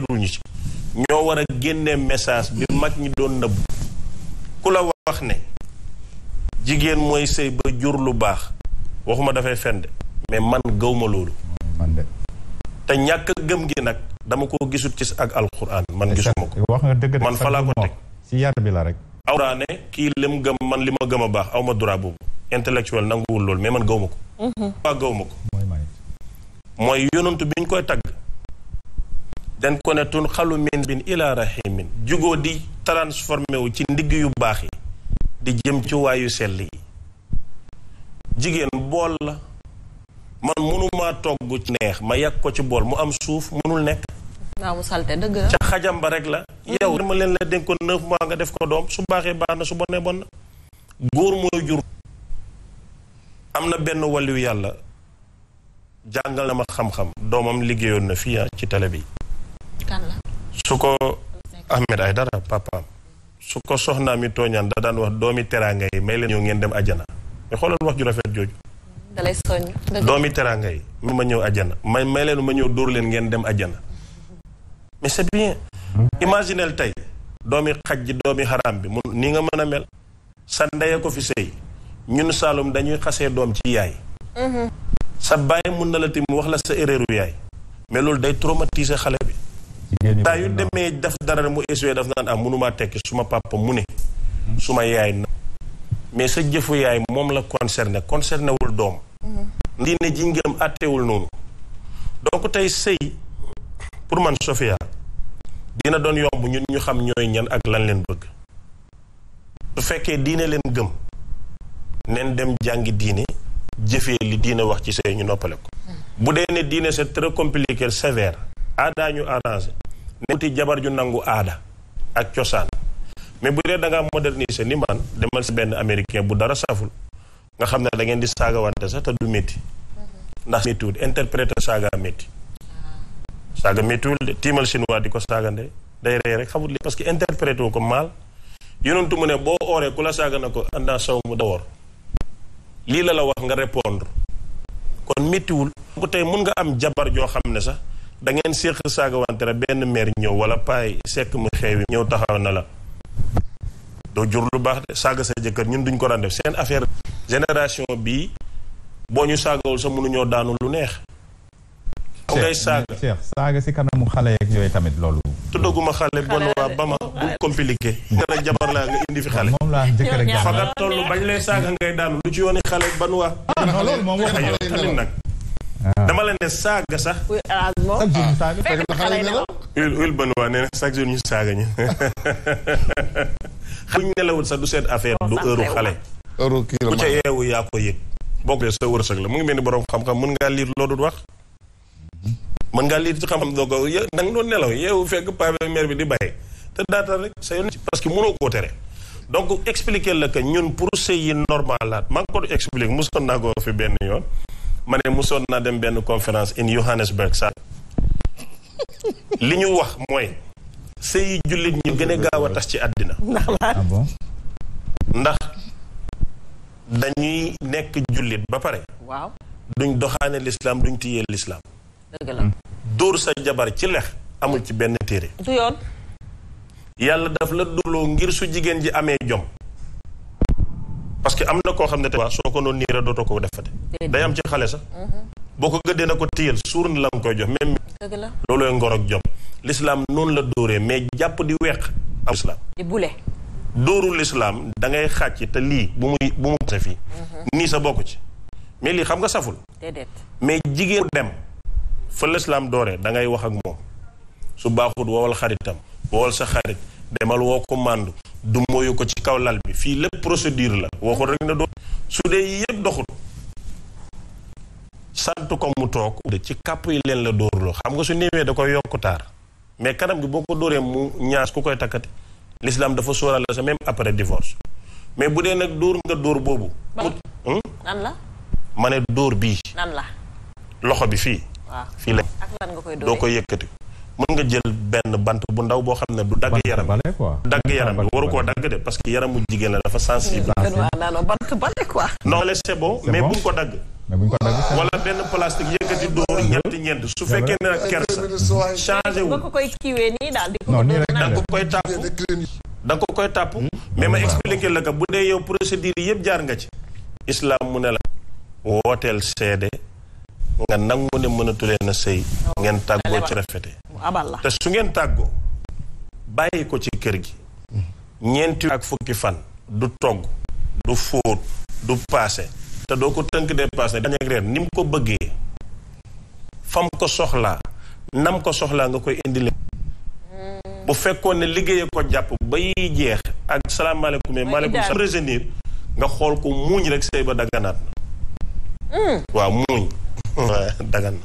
ruñu ci ñoo war a génnee message bi mag ñi doon nëbb ku la wax ne jigéen mooy sëy ba jur lu baax waxuma dafay fende mais man gëwma loolu te ñàkk gëm gi nag dama ko gisut ci ak alxuraan man gisuma ko wax nga dëgg man fa laa ko si yar bi la rek awraane ne kii lim gëm man li ma gëm a baax awma droit boobu intellectuel nanguwul loolu mais man gëwma ko mhm. mooy yonantu bi ñu koy tagg dañ ko ne tun xalu min bin ila rahimin jugoo di transformé wu ci ndigg yu baax di jëm ci waayu sell yi jigéen bool la man mënumaa togg ci neex ma yàgg ko ci bool mu am suuf mënul nekk waaw salte dëgg la ca xajam ba rek la mm. yow dama leen la dénk ko neuf nga def ko doom su baaxee baax na su bonee bon góor mooy jur am na benn wàllu yàlla jàngal na xam-xam doomam liggéeyoon na fii ah ci télé bi su ko Ahmed Aidara papaam su ko soxnaa mi tooñaan da daan wax doomi teraanga yi may leen ñëw ngeen dem ajana xoolal wax ju rafet jooju dalay soññ doomi teraanga yi may ma ñëw ajana may may leen ma ñëw dóor leen ngeen dem ajana mais c'est bien imaginel tey doomi xaj ji doomi xaraam bi mu ni nga mën a mel sa ndeye ko fi sëy ñun Saalum dañuy xasee doom ci yaay mm-hmm. sa bàyyi mun na la mu wax la sa erreur yaay mais loolu day traumatiser xale bi saa yu demee daf dara mu essuyer daf naan am ah, mënumaa tekki suma papa mu ne suma yaay na mais sa jëfu yaay moom la concerné concerné wul doom ndi ne ji ngëm àttewul noonu donc tey sëy pour man Sofia dina doon yomb ñun ñu xam ñooy ñan ak lan leen bëgg su fekkee diine leen gëm neen dem jàngi diine jëfee li diine wax ci sëy ñu noppale ko bu dee ne diine c'est très compliqué sévère aadaañu arrangé ne ti jabar ju nangu aada ak cosaan mais bu dee da ngaa moderniser ni man demal si benn américain bu dara saful nga xam ne da ngeen di saagawante sax te du métti ndax méttiwul interprète saaga métti saaga méttiwul de tiimal chinois di ko saagande day rey rek xamut li parce que interprète wu ko mal yonentu mu ne boo ooree ku la saaga na ko andaa saw mu dawoor lii la la wax nga répondre kon méttiwul tey mun nga am jabar joo xam ne sax da ngeen séq saaga wante la benn meer ñëw wala paay sekk mu xeewi ñëw taxaw na la doo jur lu baax de saaga sa jëkkër ñun duñ ko daan def seen affaire génération bii boo ñu saagawul sa mënuñoo daanu lu neex aw ngay saaga saaga si kanamu xale yeeg yooyu tamit loolu te tuddaguma xale bon waa ba ma bu compliqué nga ne jabar laa nga indi fi xale fa nga toll bañ lay saaga ngay daanu lu ci yooni xale ban waa ah, loolu moom wax tamit nag Ah. dama la ne saaga sax. oui alhamdulilah chaque jour waa nee na chaque jour ñu saaga ñu. bu nelawul sax du seen affaire du heure xale. heure kii la ku yeewu yaa ko yëg. bokk sa wërsëg la mu ngi mel ni borom xam-xam mën ngaa liir loo du wax. mën ngaa liir ci xam-xam doo ko yë da nga doon nelaw yeewu fekk paa mère bi di bàyyi. te daatal rek sa yoon parce que mënoo koo tere. donc expliquer la que ñun pour sëy yi normal laat maa ngi ko expliquer mosoon naa ko fi benn yoon. ma ne musoon naa dem benn conférence in Johannesburg sa li ñu wax mooy sëy jullit ñi gën a gaaw a tas ci àddina ndax ah dañuy nekk jullit ba pare waaw duñ doxaane lislaam duñ tiyee lislaam hmm. dóor sa jabar ci lex amul ci benn téere du yoon yàlla daf la duloo ngir su jigéen ji amee jom parce que am na koo xam ne tamit soo ko noonu niira dootoo ko defate day am ci xale sax mhm. boo ko gëddee na ko téyal suur na la nga koy jox même loolooy ngor ak jom noonu la dóoree mais jàpp di weeq am da ngay xàcc lii bu muy bu mu mhm. mais lii xam nga saful mais fa l'islam dooree da ngay wax ak moom su baaxut wowal xaritam wowal sa xarit demal woo ko màndu du moyu ko ci kaw lal bi fii lépp procédure la woo ko ne doo su dee yëpp doxul sant ko mu toog de ci kàpp yi leen la dóorloo xam nga su néewee da koy yokku mais kanam gi boo ko dóoree mu ñaas ku koy takkati lislaam dafa sóoraale sa même après divorce mais bu dee nag dóor nga dóor boobu hmm? nan ma ne dóor bii nan la loxo bi fii fii la doo koy yëkkati mën nga jël benn bant bu ndaw boo xam ne du dagg yaram du dagg yaram bi waru koo dagg de parce que yaramu jigéen la dafa sensible bant bale quoi da nga ko koy tàpp da nga ko koy tàpp hmm? mais ma expliqué la ko bu dee yow procédure yëpp jaar nga ci islam mu ne la wooteel seede nga nangu ne mënatu leen a sëy ngeen tàggoo ci rafete te su ngeen tàggoo bàyyi ko ci kër gi ñeenti ak fukki fan du togg du fóot du paase te doo ko tënk dee paase dañ ak reer nim ko bëggee fam ko soxlaa nam ko soxlaa nga koy indi leen bu fekkoon ne liggéeye ko jàpp ba yiy jeex ak salaamaaleykum mais maaleykum sa résenir nga xool ko muuñ rek sëy ba dagganaat na hmm. waaw muuñ dagan na.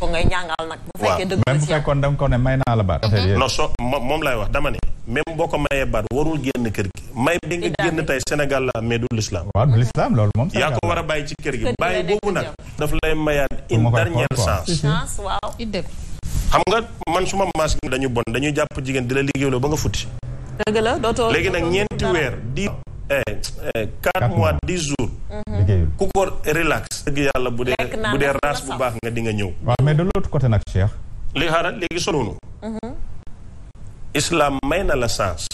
ko ngay ñaangal nag. bu fekkee dëgg la même bu fekkoon da nga ko ne may naa la baat. non so moom laay wax dama ne. même boo ko mayee baat warul génn kër gi. may bi nga génn tey Sénégal la mais du l'islam. waaw du l'islam loolu moom. yaa ko war a bàyyi ci kër gi bàyyi boobu nag. daf lay mayaat une dernière chance. chance waaw xam nga man suma maas gi bon dañuy jàpp jigéen di la liggéeyloo ba nga futti. dëgg la dootoo léegi nag ñeenti weer di Eh, eh, quatre mois dix jours. Mhm. ku ko relax. dëgg yàlla bu dee bu dee race bu baax nga di nga ñëw. waaw mais de l' autre côté nag Cheikh. li xaaral léegi soloonu mhm. islam may na la sens.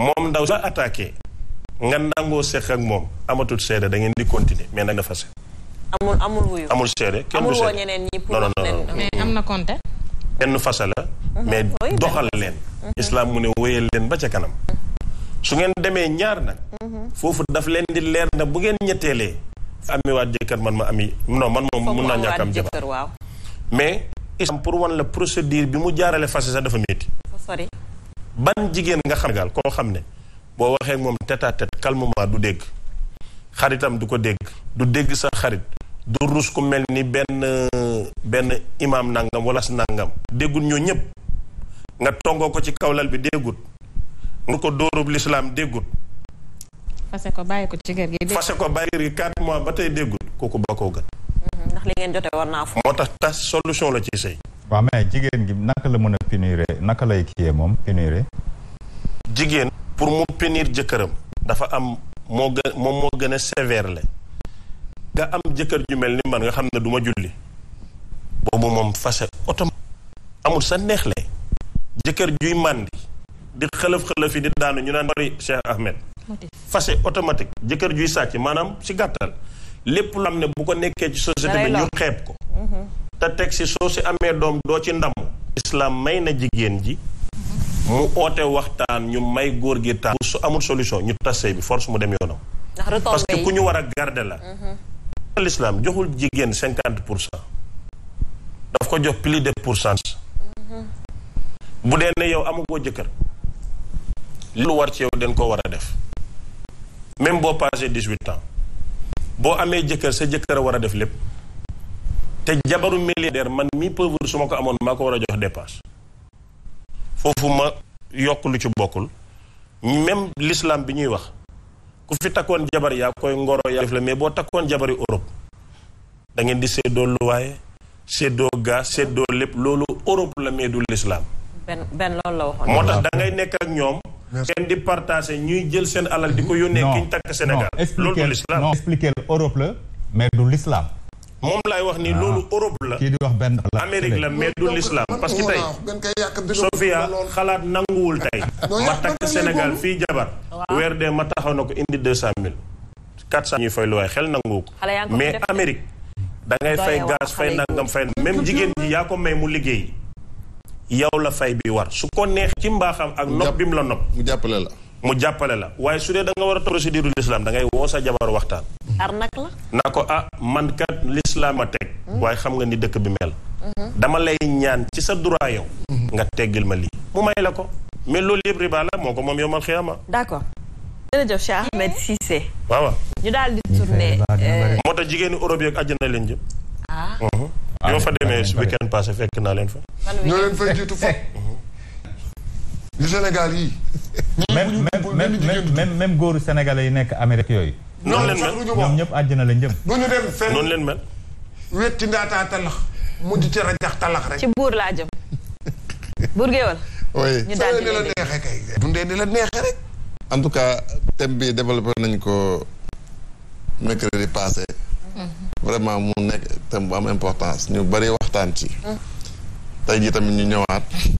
moom ndaw sa attaqué. nga nangoo seq ak moom amatul seede da ngeen di continuer mais nag dafa se. amul amul wuyu amul seede kenn du seede non non non mais am la. Mhm. mais doxal leen. islam mu ne wéyal leen ba ca kanam. su ngeen demee ñaar nag. foofu daf leen di leer na bu ngeen ñetteelee. amee waat jëkkër man ma ami non man moom mun naa ñàkk am jabar waaw. mais islam pour wan la procédure bi mu jaarale fase sax dafa métti. sori. ban jigéen nga xam ne koo xam ne boo waxee moom tête à tête du dégg xaritam du ko dégg du dégg sa xarit du rus ku mel ni benn benn imaam nangam wala si nangam déggul ñoo ñëpp nga tongoo ko ci kawlal bi déggut. nu ko dóorub lislaam déggut fase ko bàyyi ko ko bàyyi gi quatre mois ba tey déggut kooku ba koo gën mm-hmm. ndax li ngeen naa moo tax tas solution la ci sëy waaw mais jigéen gi naka la mën a punir naka lay kiyee moom punir jigéen pour mu punir jëkkëram dafa am moo gën moom moo gën a sévère la nga am jëkkër ju mel ni man nga xam ne duma ma julli boobu moom fase otom amul sa neexle jëkkër juy màndi di xëlëf-xëlëf yi di daanu ñu naan bari Cheikh Ahmed fase automatique jëkkër juy sàcc maanaam si gàttal lépp lu am ne bu ko nekkee ci société bi ñu xeep ko mhm. te teg si soo si amee doom doo ci ndam islam may na jigéen ji mu oote waxtaan ñu may góor gi taan su amul solution ñu tasee bi force mu dem yoonam parce que ku ñu war a garder la mhm. l'islam joxul jigéen cinquante pour cent daf ko jox plus de pourcentage mhm. bu dee ne yow amagoo jëkkër lu war ci yow den ko war a def même boo passé dix-huit ans boo amee jëkkër sa jëkkër a war a def lépp te jabaru milliardaire man mii pauvre su ma ko amoon maa ko war a jox dépense foofu ma yokk lu ci bokkul même l'islam bi ñuy wax ku fi takkoon jabar yaa koy ngoro yaa def la mais boo takkoon jabari Europe da ngeen di séddoo luwaaye séddoo gaz seddoo lépp loolu Europe la mais du l'islam benn moo tax da nekk ak ñoom kenn di partagé ñuy jël seen alal di ko yónnee. ki ñu takk Sénégal loolu du la mais du l'islam moom laay wax ni ah. loolu Europe la. kii di wax benn Amérique la mais du l'islam parce que tey Sofia xalaat nanguwul tey. ma takk Sénégal fii jabar. weer dee ma taxaw na ko indi deux cent mille. quatre cent ñuy fay lu waay xel nanguwu ko. mais Amérique. dangay ngay fay gaz fay nangam fay même jigéen ji yaa ko may mu liggéey. yow la fay bi war su ko neex ci mbaaxam ak nopp bi mu la nopp mu jàppale la mu jàppale la waaye su dee da nga war a topp procédure du l'islam da ngay woo sa jabar waxtaan arnak la na ko ah man kat l'islam a teg hmm? waaye xam nga ni dëkk bi mel hmm. dama lay ñaan ci sa droit yow hmm. nga teggil ma lii mu may la ko mais loolu yëpp riba moo ko moom yow mal ma d'accord jërëjëf Cheikh Ahmed Cissé waaw ñu daal di tourné euh, moo tax jigéeni Europe yi ak àjjana leen jëm ah ñoo mhm. fa demee weekend passé fekk naa leen fa ñoo leen fay jiitu fop yu Sénégal yi. même même même même góoru sénégalais yi nekk Amérique yooyu. noonu leen ñëpp àjjana la njëm. du ñu dem fenn noonu leen mel. wet ci ndaataa talax mu di ci rajax talax rek. ci buur laa jëm. buur géwal. oui ñu la neexee kay. dundee ni la neexee rek. en tout cas thème bi développé nañ ko mercredi passé. Mhm. vraiment mu nekk thème bu am importance ñu bari waxtaan ci. Mhm. tey jii tamit ñu ñëwaat